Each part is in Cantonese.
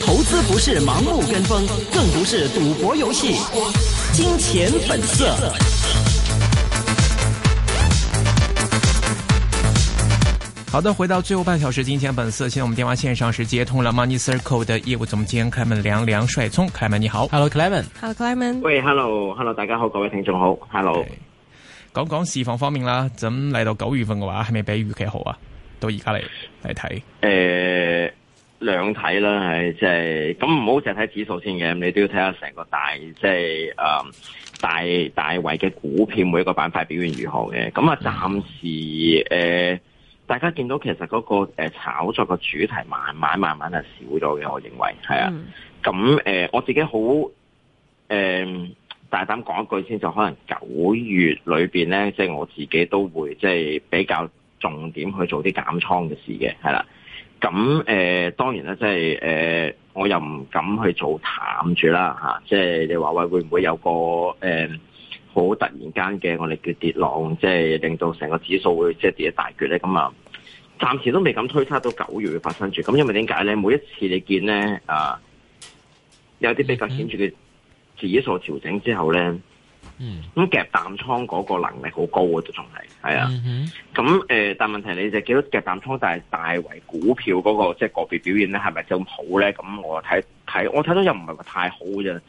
投資不是盲目跟風，更不是賭博遊戲。金錢本色。好的，回到最後半小時，金錢本色。現在我們電話線上是接通了 Money Circle 的業務總監 Clement 梁梁帥聰。Clement，你好。Hello，Clement。Hello，Clement。喂，Hello，Hello，大家好，各位聽眾好。Hello。講講市況方面啦，怎嚟到九月份嘅話，係咪比預期好啊？到而家嚟嚟睇，誒兩睇啦，係即係咁唔好淨係睇指數先嘅，你都要睇下成個大即係誒大大圍嘅股票每一個板塊表現如何嘅。咁啊，暫時誒，大家見到其實嗰、那個誒、呃、炒作嘅主題慢慢慢慢係少咗嘅，我認為係啊。咁誒、嗯呃，我自己好誒、呃、大膽講一句先，就可能九月裏邊咧，即、就、係、是、我自己都會即係、就是、比較。重點去做啲減倉嘅事嘅，係啦。咁誒、呃，當然啦，即係誒、呃，我又唔敢去做淡住啦、啊，即係你話喂會唔會有個誒好、呃、突然間嘅我哋叫跌浪，即係令到成個指數會即係跌一大段咧？咁啊，暫時都未敢推測到九月會發生住。咁因為點解咧？每一次你見咧啊，有啲比較顯著嘅指數調整之後咧。嗯，咁夾淡倉嗰個能力好高嘅，都仲係係啊。咁誒，但問題你就記到夾淡倉，但係大為股票嗰、那個即係、就是、個別表現咧，係咪就咁好咧？咁我睇睇，我睇到又唔係話太好嘅啫。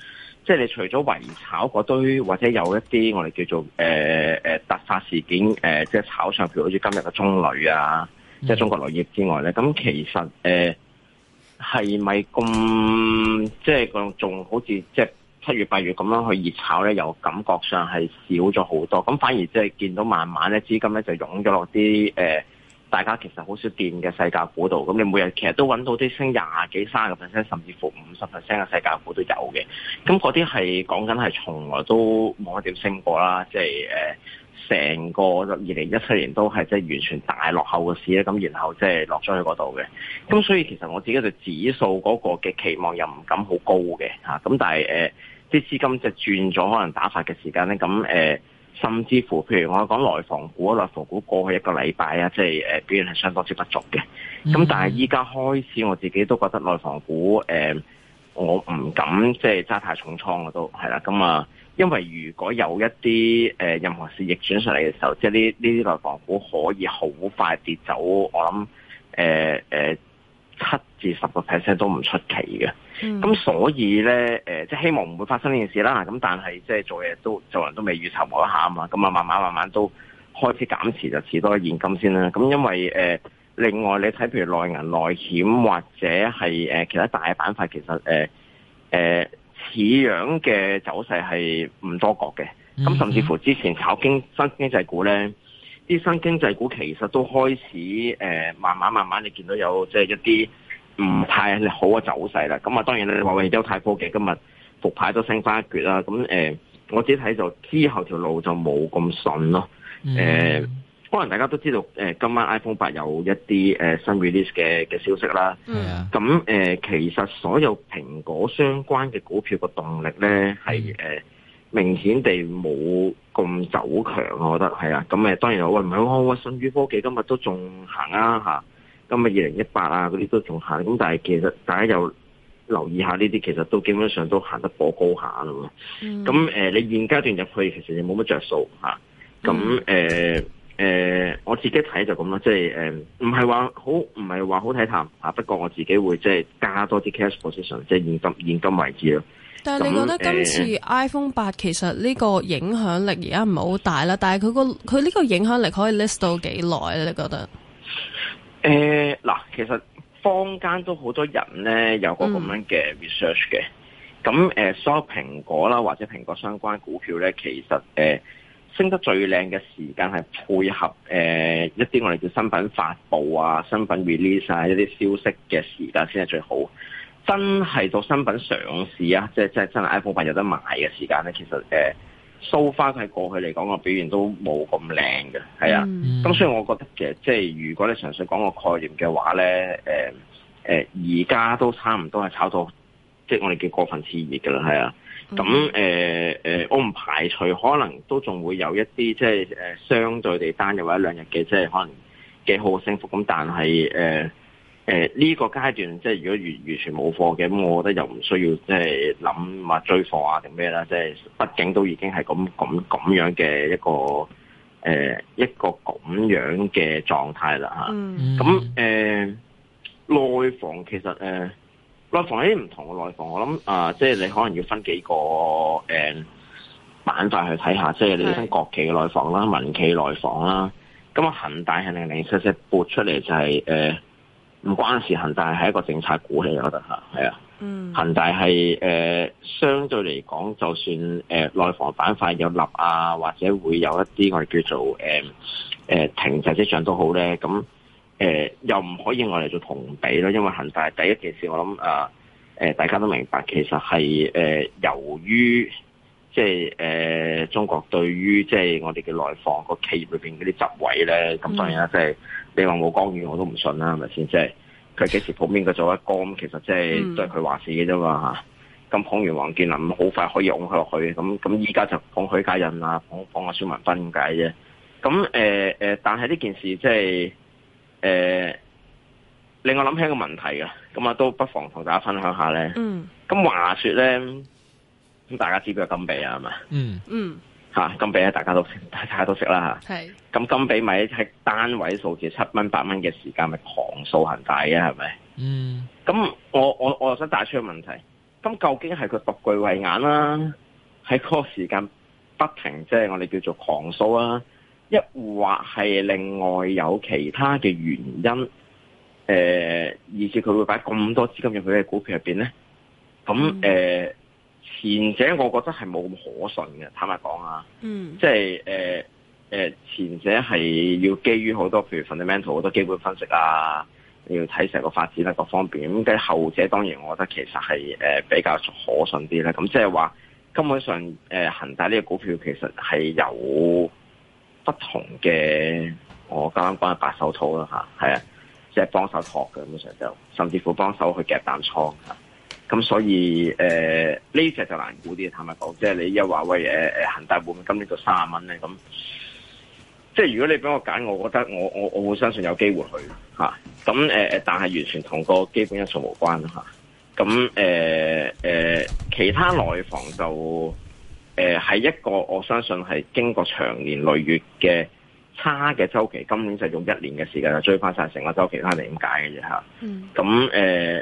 即係你除咗圍炒嗰堆，或者有一啲我哋叫做誒誒、呃、突發事件誒、呃，即係炒上票，好似今日嘅中旅啊，嗯、即係中國旅業之外咧，咁其實誒係咪咁即係仲仲好似即？七月八月咁樣去熱炒咧，又感覺上係少咗好多。咁反而即係見到慢慢咧，資金咧就湧咗落啲誒，大家其實好少見嘅世界股度。咁你每日其實都揾到啲升廿幾、三十個 percent，甚至乎五十 percent 嘅世界股都有嘅。咁嗰啲係講緊係從來都冇一啲升過啦。即係誒，成、呃、個二零一七年都係即完全大落後嘅市咧。咁然後即係落咗去嗰度嘅。咁所以其實我自己對指數嗰個嘅期望又唔敢好高嘅嚇。咁、啊、但係啲資金就轉咗，可能打發嘅時間咧，咁誒、呃，甚至乎，譬如我講內房股，內房股過去一個禮拜啊，即係誒、呃，表現係相當之不俗嘅。咁、mm hmm. 但係依家開始，我自己都覺得內房股誒、呃，我唔敢即係揸太重倉我都係啦。咁啊，因為如果有一啲誒、呃、任何事逆轉上嚟嘅時候，即係呢呢啲內房股可以好快跌走，我諗誒誒。呃呃七至十個 percent 都唔出奇嘅，咁、嗯、所以呢，誒、呃，即係希望唔會發生呢件事啦。咁但係即係做嘢都做人都未預測冇得下啊嘛。咁啊，慢慢慢慢都開始減持，就持多現金先啦。咁因為誒、呃，另外你睇譬如內銀內險或者係誒、呃、其他大嘅板塊，其實誒誒、呃呃、似樣嘅走勢係唔多覺嘅。咁、嗯嗯、甚至乎之前炒經新經濟股呢。啲新經濟股其實都開始、呃、慢慢慢慢你見到有即係一啲唔太好嘅走勢啦。咁啊，當然咧，你話華為州有太過嘅今日復牌都升翻一橛啦。咁、呃、我自己睇就之後條路就冇咁順咯。呃嗯、可能大家都知道、呃、今晚 iPhone 八有一啲、呃、新 release 嘅嘅消息啦。嗯。咁、呃、其實所有蘋果相關嘅股票嘅動力咧，係明顯地冇咁走強、啊，我覺得係啊。咁、嗯、當然我唔係話信宇科技今日都仲行啊，啊今日誒二零一八啊嗰啲都仲行。咁但係其實大家又留意下呢啲，其實都基本上都行得過高下啦。咁、嗯呃、你現階段入去其實你冇乜著數。咁誒我自己睇就咁啦，即係唔係話好唔係話好睇淡、啊、不過我自己會即係加多啲 cash position，即係現金現金位置咯。但係你覺得今次 iPhone 八其實呢個影響力而家唔係好大啦，嗯、但係佢個佢呢個影響力可以 list 到幾耐咧？你覺得？誒，嗱，其實坊間都好多人咧有過咁樣嘅 research 嘅，咁誒、嗯呃，所有蘋果啦或者蘋果相關股票咧，其實誒、呃、升得最靚嘅時間係配合誒、呃、一啲我哋叫新品發布啊、新品 release 啊，一啲消息嘅時間先係最好。真係做新品嘗試啊！即係即係真係 iPhone 8有得買嘅時間咧，其實誒，so far 佢過去嚟講個表現都冇咁靚嘅，係啊。咁所以我覺得嘅，即係如果你純粹講個概念嘅話咧，誒而家都差唔多係炒到，即係我哋叫過分熾熱㗎啦，係啊。咁誒我唔排除可能都仲會有一啲即係相對地單日或者兩日嘅，即係可能幾好嘅升幅。咁但係誒。嗯誒，呢、呃，這個階段，即係如果完完全冇貨嘅，咁我覺得又唔需要即係諗話追貨啊定咩啦，即係畢竟都已經係咁咁咁樣嘅一個誒、呃、一個咁樣嘅狀態啦吓。咁誒、嗯呃、內房其實誒、呃、內房喺啲唔同嘅內房，我諗啊、呃，即係你可能要分幾個誒板塊去睇下，即係你分國企嘅內房啦、的民企內房啦。咁啊，恒大係零零舍舍撥出嚟就係、是、誒。呃唔關事，恒大係一個政策鼓起，我覺得嚇，係啊。嗯，恒大係誒、呃、相對嚟講，就算誒、呃、內房板塊有立啊，或者會有一啲我哋叫做誒誒、呃呃、停滯跡象都好咧。咁誒、呃、又唔可以我哋做同比咯，因為恒大第一件事我諗啊、呃、大家都明白，其實係誒、呃、由於即係誒中國對於即係、就是、我哋嘅內房個企業裏邊嗰啲執位咧，咁當然啦、就是，即係、嗯。你話冇江綺我都唔信啦，係咪先？即係佢幾時捧邊個做一哥其實即係對佢話事嘅啫嘛，咁捧完王健林好快可以擁佢落去。咁咁依家就捧許家印啊，捧捧阿孫文斌點解啫？咁誒誒，但係呢件事即係誒，令、呃、我諗起一個問題啊。咁啊，都不妨同大家分享一下咧。咁、嗯、話説咧，咁大家知佢個金幣啊？係咪？嗯。嗯。吓、啊、金幣咧大家都，大家都識啦嚇。係。咁金幣咪喺單位數字七蚊八蚊嘅時間咪、就是、狂掃恒大嘅係咪？嗯。咁我我我又想帶出個問題，咁究竟係佢獨具慧眼啦、啊，喺嗰、嗯、個時間不停即係、就是、我哋叫做狂掃啦、啊，抑或係另外有其他嘅原因，誒、呃，以致佢會擺咁多資金入佢嘅股票入邊咧？咁誒？嗯呃前者我覺得係冇咁可信嘅，坦白講啊，即係誒誒，前者係要基於好多譬如 fundamental 好多基本分析啊，你要睇成個發展啦、啊，各方面。咁。跟後者當然我覺得其實係誒、呃、比較可信啲啦。咁即係話根本上誒、呃，恒大呢個股票其實係有不同嘅，我啱啱講嘅白手套啦嚇，係啊，即係、啊就是、幫手托嘅，咁上就甚至乎幫手去夾淡倉、啊。咁所以誒呢、呃、隻就難估啲，坦白講，即係你一話喂，誒誒恒大盤今年就三十蚊咧，咁即係如果你俾我揀，我覺得我我我會相信有機會去吓咁、啊呃、但係完全同個基本因素無關啦，吓咁，誒其他內房就係、呃、一個我相信係經過長年累月嘅。差嘅周期，今年就用一年嘅時間就追翻晒成個周期翻嚟，點解嘅啫吓？咁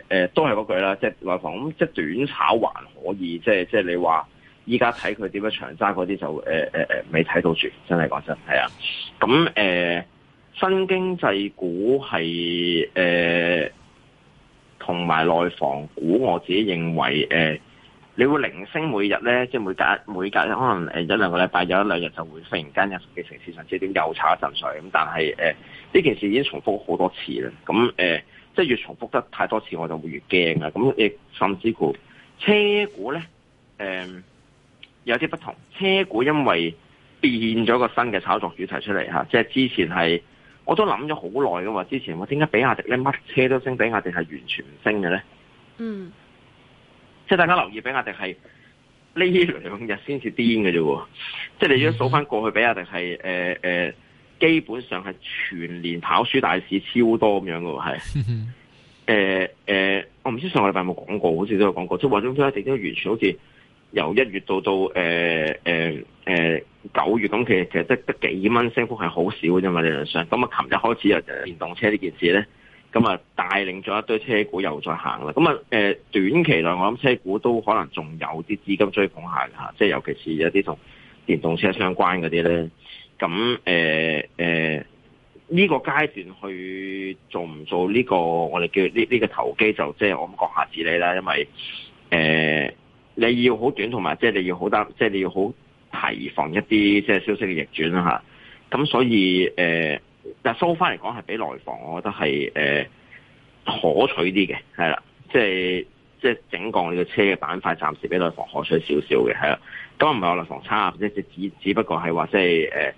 誒都係嗰句啦，即係內房咁，即係短炒還可以，即係即係你話依家睇佢點樣長揸嗰啲就誒、呃呃、未睇到住，真係講真，係啊。咁誒、呃，新經濟股係誒，同、呃、埋內房股，我自己認為誒。呃你會零星每日咧，即係每隔每隔可能一兩個禮拜有一兩日就會忽然間有十幾城市上車點又炒一陣水咁，但係誒呢件事已經重複好多次啦。咁、嗯、誒、呃、即係越重複得太多次，我就會越驚啦。咁、嗯、亦甚至乎車股咧誒、呃、有啲不同，車股因為變咗個新嘅炒作主題出嚟嚇即係之前係我都諗咗好耐㗎嘛。之前我點解比亞迪咧乜車都升，比亞迪係完全唔升嘅咧？嗯。即係大家留意比亞迪係呢兩日先至癲嘅啫喎，即係你如果數翻過去比亞迪係誒誒，基本上係全年跑輸大市超多咁樣㗎喎，係誒誒，我唔知上個禮拜有冇講過，好似都有講過，即係話咗，即係比亞迪都完全好似由一月到到誒誒誒九月咁，其實其實得得幾蚊升幅係好少嘅啫嘛理論上，咁啊，琴日開始啊電動車呢件事咧。咁啊，帶領咗一堆車股又再行啦。咁啊、呃，短期內我諗車股都可能仲有啲資金追捧下嘅嚇，即係尤其是一啲同電動車相關嗰啲咧。咁誒誒呢個階段去做唔做呢、呢個我哋叫呢、這、呢、個呢個投機就，就即係我諗閣下自理啦。因為誒、呃、你要好短，同埋即係你要好擔，即、就、係、是、你要好提防一啲即係消息嘅逆轉啦嚇。咁所以誒。呃。但收返嚟講，係比內房，我覺得係誒、呃、可取啲嘅，係啦，即係即係整個你個車嘅板塊，暫時比內房可取少少嘅，係啦。咁唔係話內房差，即係只只不過係話即係誒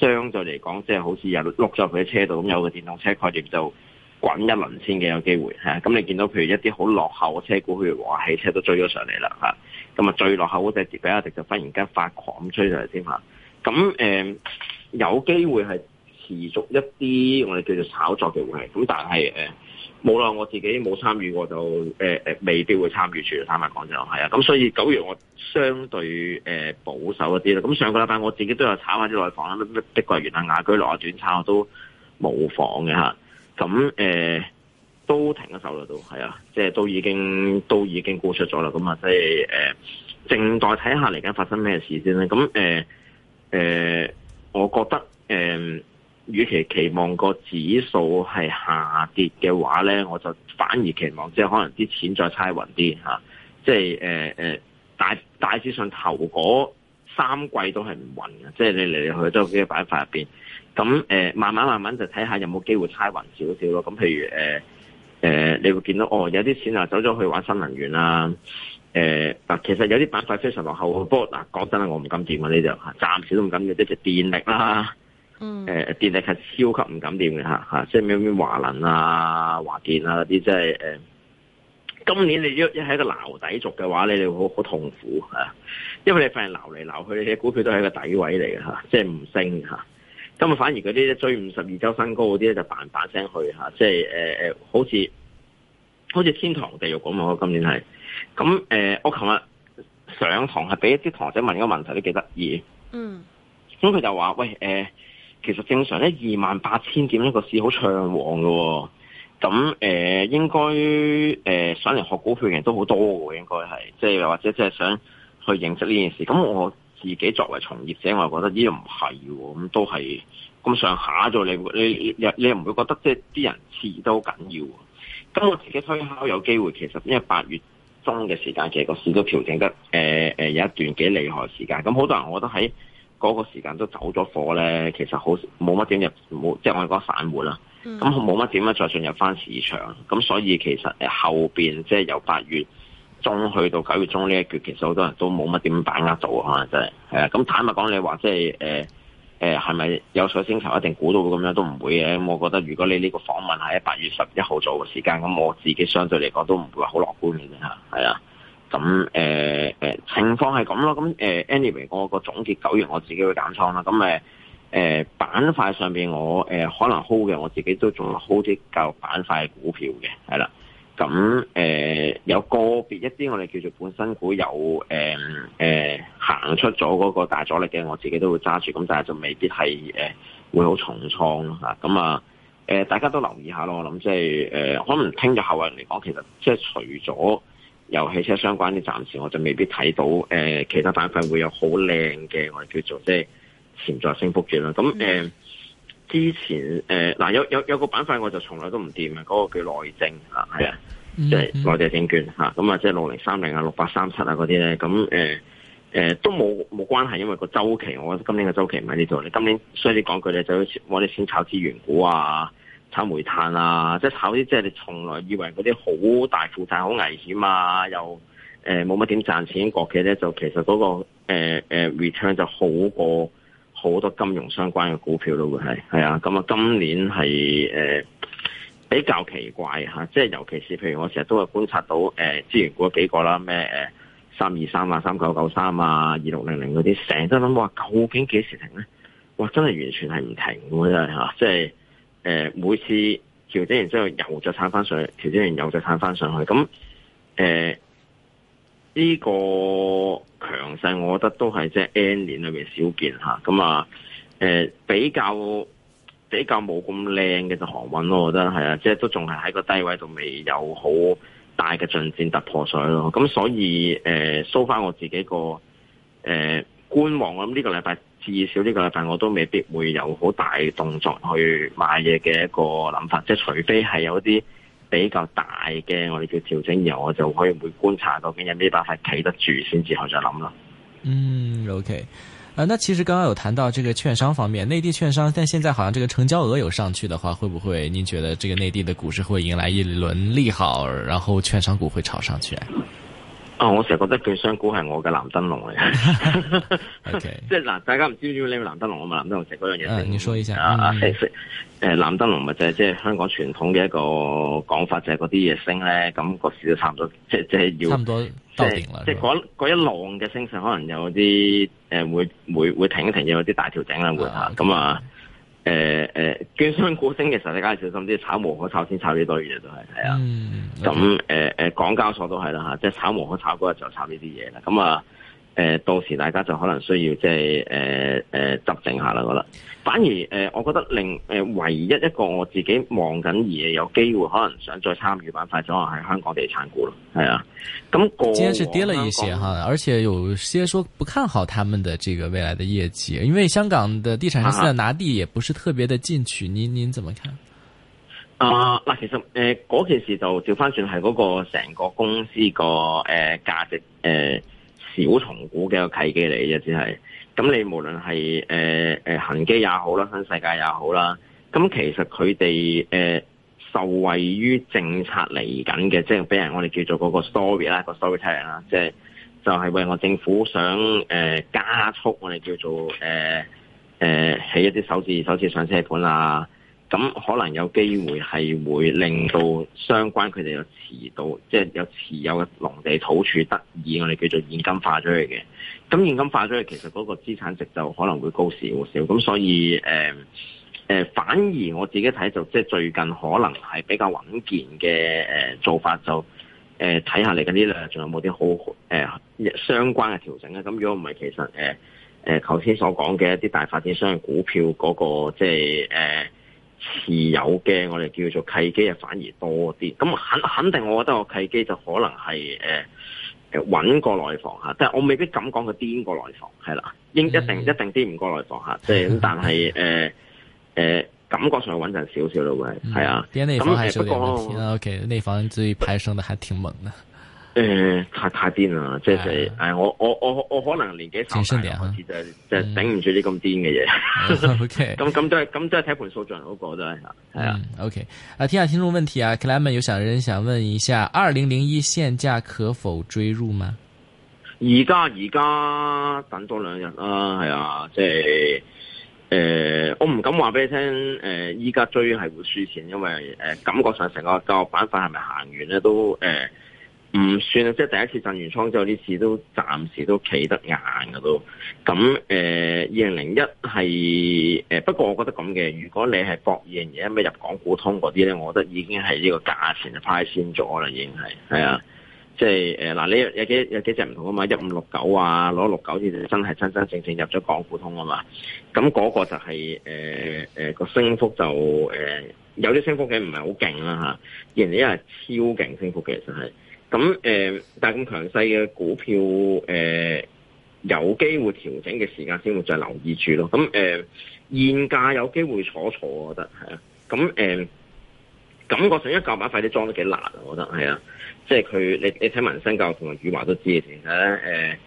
相對嚟講，即係好似又碌咗佢喺車度咁，有個電動車概念就滾一輪先嘅有機會嚇。咁你見到譬如一啲好落後嘅車股，譬如話汽車都追咗上嚟啦嚇。咁最落後嗰隻跌比亞迪就忽然間發狂追上嚟先嚇。咁、呃、有機會係。持續一啲我哋叫做炒作嘅嘢，咁但係誒冇啦，呃、我自己冇參與過，就誒誒、呃、未必會參與住，坦白講就係啊。咁所以九月我相對誒、呃、保守一啲啦。咁上個禮拜我自己都有炒下啲內房啦，的確係碧桂園啊、雅居樂啊轉炒我都冇房嘅嚇。咁、啊、誒、啊、都停咗手啦，都係啊，即係都已經都已經沽出咗啦。咁啊，即係誒靜待睇下嚟緊發生咩事先啦。咁誒誒，我覺得誒。啊與其期望個指數係下跌嘅話咧，我就反而期望即係可能啲錢再猜勻啲、啊、即係誒、呃、大大致上頭嗰三季都係唔勻嘅，即係你嚟嚟去去都係啲板塊入面。咁、呃、慢慢慢慢就睇下有冇機會猜勻少少咯。咁譬如誒、呃呃、你會見到哦，有啲錢啊走咗去玩新能源啦、啊。誒、呃、嗱，其實有啲板塊非常落後好多。嗱，講真啊，我唔敢掂嘅呢度，暫時都唔敢嘅，即就電力啦、啊。嗯，誒，電力係超級唔敢掂嘅吓吓，即係咩咩華能啊、華電啊嗰啲，即係誒，今年你一一係一個撈底族嘅話，你你會好好痛苦吓、啊，因為你份撈嚟撈去，你啲股票都係一個底位嚟嘅吓，即係唔升吓，咁啊，啊反而嗰啲追五十二周新高嗰啲咧就嘭嘭聲去吓、啊，即係誒誒，好似好似天堂地獄咁我今年係，咁、啊、誒、啊，我琴日上堂係俾一啲堂仔問一個問題也挺有趣，都幾得意，嗯，咁佢就話喂，誒、啊。其實正常咧，二萬八千點呢個市好暢旺噶，哦，咁誒應該誒上嚟學股票嘅人都好多喎。應該係即係或者即係想去認識呢件事。咁我自己作為從業者，我又覺得呢個唔係，咁，哦、都係咁上下咗。你你你你又唔會覺得即係啲人次都好緊要？咁我自己推敲有機會，其實因為八月中嘅時間其實個市都調整得誒誒，呃呃，有一段幾厲害時間。咁好多人，我覺得喺。嗰個時間都走咗貨咧，其實好冇乜點入冇，即係我哋講散戶啦。咁冇乜點樣再進入翻市場，咁所以其實後面，即係由八月中去到九月中呢一橛，其實好多人都冇乜點把握到，可能真係。係啊，咁坦白講，你話即係誒誒係咪有水晶球一定估到咁樣都唔會嘅。我覺得如果你呢個訪問係喺八月十一號做嘅時間，咁我自己相對嚟講都唔會話好樂觀嘅吓，係啊。咁誒誒情況係咁咯，咁誒 anyway，我個總結九月我自己會減倉啦。咁誒、呃、板塊上面我誒、呃、可能 hold 嘅，我自己都仲 hold 啲教育板塊股票嘅，係啦。咁誒、呃、有個別一啲我哋叫做本身股有誒、呃呃、行出咗嗰個大阻力嘅，我自己都會揸住，咁但係就未必係誒、呃、會好重倉啦。咁啊大家都留意下咯，我諗即係誒可能聽咗後人嚟講，其實即係除咗。由汽車相關嘅暫時我就未必睇到，誒、呃、其他板塊會有好靚嘅我哋叫做即係潛在升幅住啦。咁誒、mm. 呃、之前誒嗱、呃、有有有個板塊我就從來都唔掂嘅，嗰、嗰個叫內證，啊，係、mm hmm. 啊，即係內地證券嚇，咁啊即係六零三零啊、六八三七啊嗰啲咧，咁誒誒都冇冇關係，因為個周期我覺得今年嘅周期唔喺呢度，你今年所以你講佢哋就好似我哋先炒資源股啊。炒煤炭啊，即係炒啲即係你從來以為嗰啲好大負債、好危險啊，又誒冇乜點賺錢嘅國企咧，就其實嗰個誒、呃呃、return 就好過好多金融相關嘅股票都會係係啊，咁啊、嗯、今年係誒、呃、比較奇怪、啊、即係尤其是譬如我成日都係觀察到誒、呃、資源股幾個啦，咩誒三二三啊、三九九三啊、二六零零嗰啲，成日都諗話究竟幾時停咧？哇！真係完全係唔停喎，真係、啊、即係。誒，每次調整完之後又再撐翻上，調整完又再撐翻上去。咁誒，呢、呃呢個強勢我是是、呃，我覺得、就是、都係即係 N 年裏面少見嚇。咁啊，誒比較比較冇咁靚嘅就航運咯，我覺得係啊，即係都仲係喺個低位度未有好大嘅進展突破上咯。咁所以誒，收、呃、翻、so、我自己個誒、呃、觀望，咁呢個禮拜。至少呢個禮拜我都未必會有好大動作去買嘢嘅一個諗法，即係除非係有啲比較大嘅我哋叫調整油，然後我就可以會觀察究竟有冇辦法企得住，先至後再諗咯。嗯，OK，誒、啊，那其實剛剛有談到這個券商方面，內地券商，但現在好像這個成交額有上去的話，會不會您覺得這個內地的股市會迎來一輪利好，然後券商股會炒上去？哦，我成日覺得券商股係我嘅藍燈籠嚟 Okay，即係嗱，大家唔知唔知咩叫藍燈籠，我咪藍燈籠食嗰樣嘢、啊啊。你說一下啊，藍燈籠咪就係即係香港傳統嘅一個講法就是那些、那個就，就係嗰啲嘢升咧，咁個市都差唔多，即係即係要差唔多收頂即係嗰一浪嘅升勢，可能有啲誒會會會停一停有一些，有啲大調整啦，會嚇咁啊。Okay 啊。誒誒，券商股升嘅時候你梗係小心啲，炒無可炒先炒呢啲多嘢都係，係啊。咁誒誒，港交所都係啦吓，即係炒無可炒嗰日就炒呢啲嘢啦。咁、嗯、啊。誒、呃，到時大家就可能需要即係誒誒執正下啦，我覺得反而誒、呃，我覺得另誒、呃，唯一一個我自己望緊而有機會，可能想再參與板塊，就係香港地產股咯。係啊，咁、嗯、個。過今天是跌了一些哈，啊啊，而且有些說不看好他們的這個未來的業績，因為香港的地產公司在拿地也不是特別的進取。您您怎麼看？啊，嗱、呃，其實誒嗰、呃，件事就調翻轉係嗰個成個公司個誒價值誒。呃小重股嘅一個契機嚟嘅，只係咁你無論係誒誒恆基也好啦，新世界也好啦，咁其實佢哋誒受惠於政策嚟緊嘅，即係俾人我哋叫做嗰個 story 啦，個 storytelling 啦，即係就係為我政府想誒、呃、加速我哋叫做誒、呃呃、起一啲首次首次上車盤啊。咁可能有機會係會令到相關佢哋有持到，即係有持有嘅農地土儲得以我哋叫做現金化咗佢嘅。咁現金化咗佢，其實嗰個資產值就可能會高少少。咁所以、呃、反而我自己睇就即係、就是、最近可能係比較穩健嘅、呃、做法就睇、呃、下嚟緊呢咧，仲有冇啲好相關嘅調整？咁如果唔係，其實誒頭先所講嘅一啲大發展商嘅股票嗰、那個即係誒。呃持有嘅我哋叫做契機啊，反而多啲。咁肯肯定，我覺得我契機就可能係誒誒穩過內房嚇，但係我未必敢講佢癲過內房係啦，應一定一定癲唔過內房嚇，即係咁、嗯。但係誒、呃呃、感覺上是穩陣少少咯，會係啊。邊的內房係有啲問題 OK，內房最派攀升得還挺猛嘅。誒、呃，太太癲啦！即係誒，我我我我可能年紀大，開始就就頂唔住啲咁癲嘅嘢。咁咁都係咁都係睇盤數盡，我覺得係。係啊，OK。啊、嗯 okay，聽下聽眾問題啊，Clement 有想人想問一下，二零零一限價可否追入嗎？而家而家等多兩日啦，係啊。即係誒，我唔敢話俾你聽，誒、呃，依家追係會輸錢，因為誒、呃，感覺上成個教育板塊係咪行完咧都誒。呃唔算啊，即係第一次震完倉之後，呢次都暫時都企得硬噶都咁誒。二零零一係誒，不過我覺得咁嘅，如果你係博二零零一咩入港股通嗰啲咧，我覺得已經係呢個價錢派先咗啦，已經係係啊，即係誒嗱，你有幾有幾隻唔同啊嘛？一五六九啊，攞六九先真係真真正正，正，正入咗港股通啊嘛。咁嗰個就係誒個升幅就誒、呃、有啲升幅嘅唔係好勁啦嚇，二零零一係超勁升幅嘅，其實係。咁誒、嗯，但係咁強勢嘅股票誒、嗯，有機會調整嘅時間先會再留意住咯。咁、嗯、誒、嗯，現價有機會坐錯，我覺得係啊。咁誒、嗯嗯，感覺上一嚿板塊啲裝得幾難啊，我覺得係啊。即係佢，你你睇民生教育同埋宇華都知，其實咧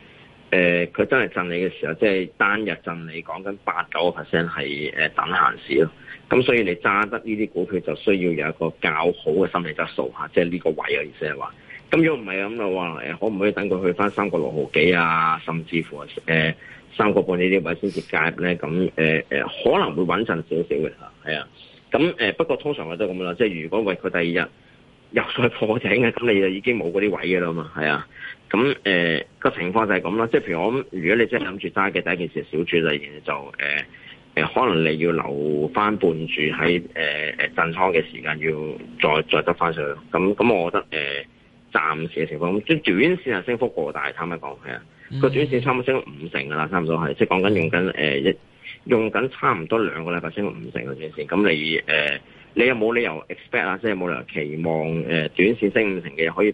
誒佢真係震你嘅時候，即係單日震你講緊八九個 percent 係等閒事咯。咁、嗯、所以你揸得呢啲股票，就需要有一個較好嘅心理質素嚇，即係呢個位嘅、啊、意思係話。咁如果唔係咁嘅喎，可唔可以等佢去翻三個六毫幾啊，甚至乎、呃、三個半呢啲位先至介入咧？咁、呃、可能會穩陣少少嘅吓，係啊。咁誒、呃、不過通常我都咁啦，即係如果為佢第二日又再破頂嘅，咁你就已經冇嗰啲位嘅啦嘛，係啊。咁誒個情況就係咁啦，即係譬如我，如果你真係諗住揸嘅，第一件事少住啦，然後就、呃呃、可能你要留翻半注喺誒震倉嘅時間，要再再得翻上去。咁咁我覺得、呃暫時嘅情況，咁即係短線係升幅過大，坦白講係啊，個短線差唔多升五成噶啦，差唔多係，即係講緊用緊一、呃、用緊差唔多兩個禮拜升五成嘅短線，咁你、呃、你有冇理由 expect 啊？即係冇理由期望誒、呃、短線升五成嘅可以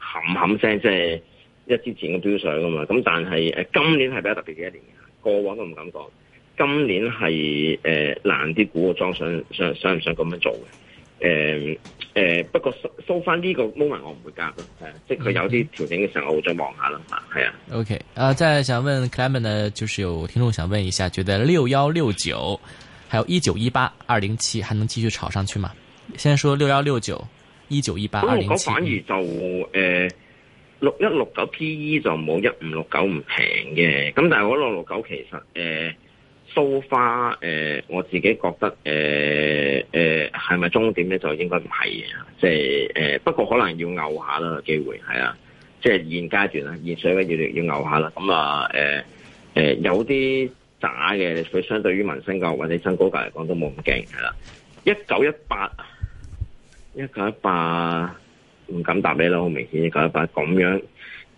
冚冚聲，即係一之前嘅標上噶嘛？咁但係、呃、今年係比較特別嘅一年，過往都唔敢講，今年係誒、呃、難啲估個裝想想想唔想咁樣做嘅？誒誒、呃呃，不過收收翻，呢個 moment 我唔會加咯，即係佢有啲調整嘅時候我會再望下啦，吓係啊，OK，啊、呃，再想問 Clement 咧，就是有聽眾想問一下，覺得六幺六九，還有一九一八二零七，還能繼續炒上去嗎？先說六幺六九一九一八二零七，咁我反而就誒六一六九 PE 就冇一五六九唔平嘅，咁但係我六六九其實誒。呃蘇花誒，我自己覺得誒誒誒係咪終點咧，就應該唔係嘅，即係誒、呃、不過可能要拗下啦，機會係啊，即係現階段啊，現水咧要要拗下啦，咁、嗯、啊誒誒、呃呃、有啲渣嘅，佢相對於民生價或者新高價嚟講都冇咁勁係啦，一九一八一九一八唔敢答你啦，好明顯一九一八咁樣。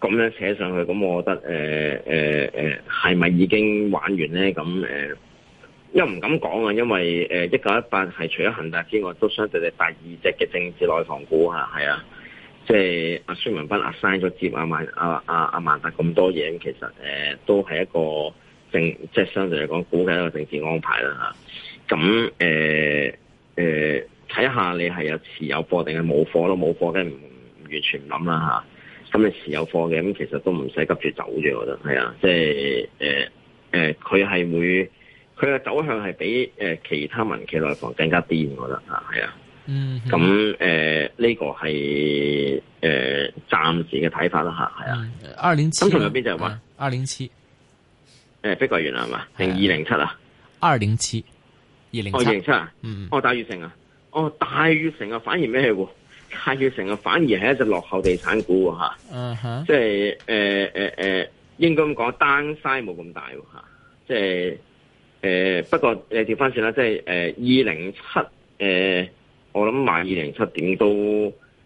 咁樣扯上去，咁我覺得誒誒誒，係、呃、咪、呃呃、已經玩完咧？咁誒，又、呃、唔敢講啊，因為誒一九一八係除咗恒大之外，都相對你第二隻嘅政治內房股吓，係啊，即係阿孫文斌阿刪咗接啊萬阿啊阿萬達咁多嘢，其實誒、呃、都係一個政，即係相對嚟講，估計一個政治安排啦吓。咁誒誒，睇、啊啊、下你係有持有貨定係冇貨咯？冇貨梗係唔完全諗啦吓。啊咁你持有貨嘅，咁其實都唔使急住走嘅，我覺得係啊，即係誒誒，佢、呃、係、呃、會佢嘅走向係比誒其他民企內房更加癲，我覺得嚇係啊。嗯，咁誒呢個係誒暫時嘅睇法啦嚇，係啊。二零七，仲有邊隻係話？二零七，誒碧桂園係嘛，定二零七啊，二零七，二零七，啊？哦大悅城啊，哦大悅城啊，反而咩喎？太越城啊，反而係一隻落後地產股吓、uh huh. 呃呃，即係誒誒誒，應該咁講，單 side 冇咁大吓，即係誒，不過你調翻轉啦，即係誒二零七誒，我諗買二零七點都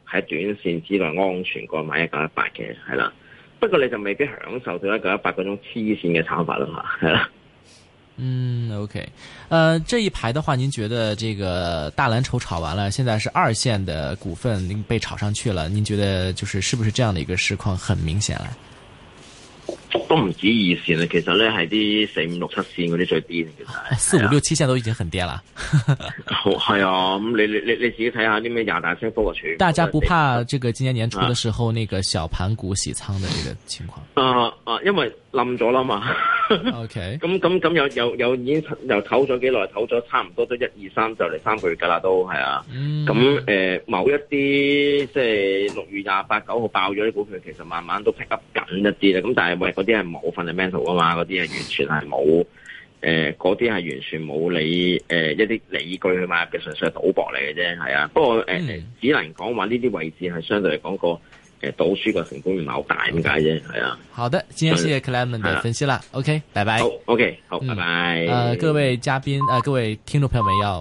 喺短線之內安全過買一九一八嘅係啦，不過你就未必享受到一九一八嗰種黐線嘅炒法啦吓，係啦。嗯，OK，呃，這一排的話，您覺得這個大藍籌炒完了，現在是二線的股份您被炒上去了，您覺得就是是不是這樣的一個市況很明顯啊？都唔止二線了。其實呢係啲四五六七線嗰啲最低、啊、四五六七線都已經很跌啦。好，係啊，咁、 哦啊、你你你你自己睇下啲咩廿大升科技。大家不怕這個今年年初的時候那個小盤股洗倉的這個情況？啊啊，因為冧咗啦嘛。O K. 咁咁咁有有有已經又唞咗幾耐，唞咗差唔多都一二三就嚟三個月㗎啦，都係啊。咁誒、嗯呃、某一啲即係六月廿八九號爆咗啲股票，其實慢慢都 pick up 緊一啲啦。咁但係喂，嗰啲係冇 fundamental 㗎嘛，嗰啲係完全係冇誒，嗰啲係完全冇理誒、呃、一啲理據去買入嘅，純粹係賭博嚟嘅啫，係啊。不過、呃嗯、只能講話呢啲位置係相對嚟講個。誒，賭輸嘅成功率好大，咁解啫，係啊。好的，今天謝謝 Clarence 嘅分析啦，嗯 okay。OK，拜拜。OK 好，拜拜，嗯。誒 bye、呃，各位嘉賓，誒、呃，各位聽眾朋友們要。